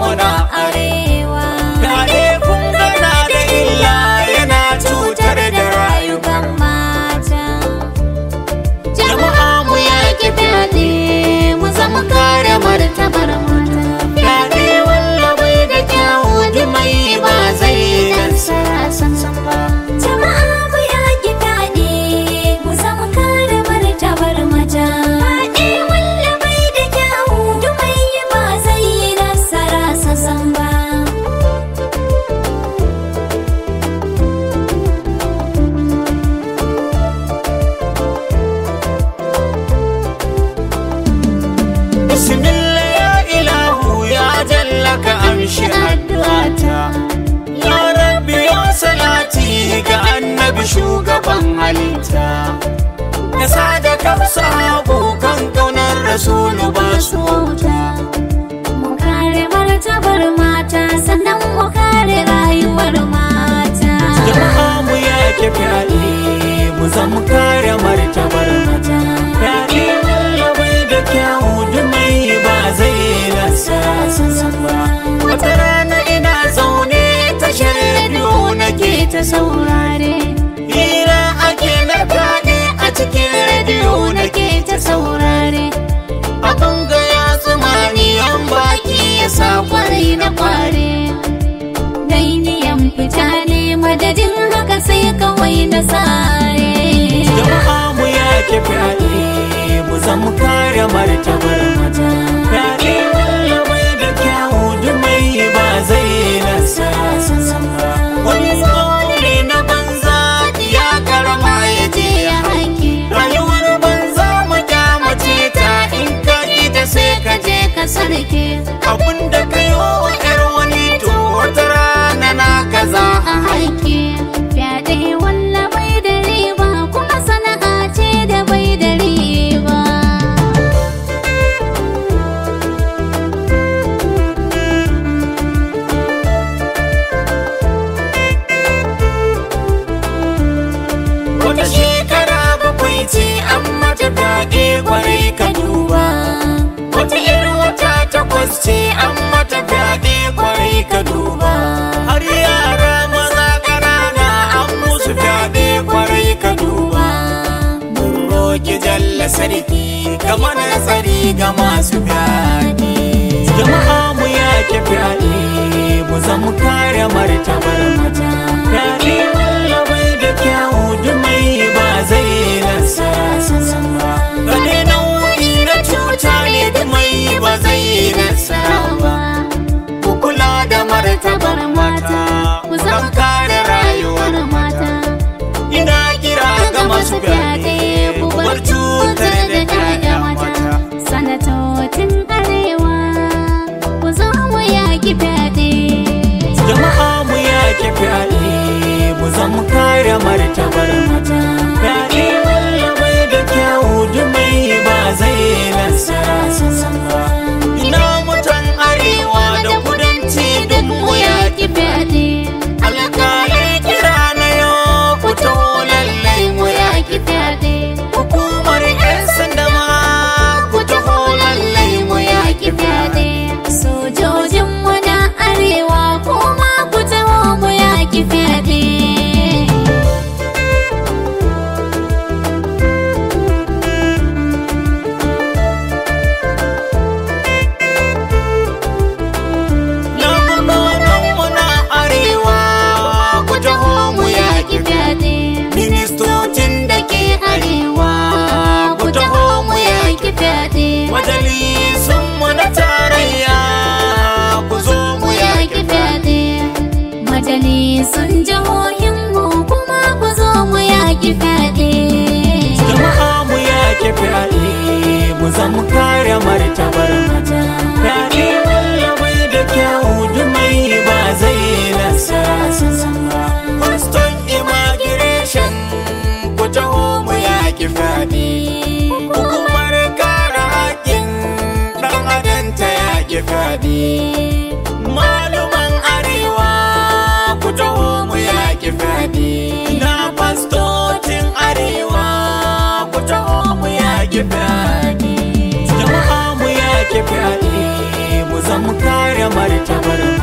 mu na arewa fyaɗe kun gana da illa yana cutar da rayukan mata jama'a mu yaƙi fyaɗe mu zama kare martabar mu amshi addu'ata ya rabbi ya salati ga annabi shugaban halitta da sadakar sahabu kan kaunar rasulu ba su wuta mu kare martabar mata sannan mu kare rayuwar mata jama'a mu yake fyaɗe mu zama isa mu kare martabar an mata fyaɗe kwarai ka duba har yara maza ƙanana an musu fyaɗe kwarai ka duba mun roƙi jalla sarki ga mana ga masu fyaɗe jama'a mu yake fyaɗe mu zama kare martabar mata fyaɗe wallabai da kyawu dumai ba zai nasara sun ba bar tabar mata rayuwar labai da kyau, dumai ba zai lasa ba Boston immigration ku taho mu ki fadi hukumar kare haƙƙin ɗan adam ya ki fadi Maria Maria Chavarama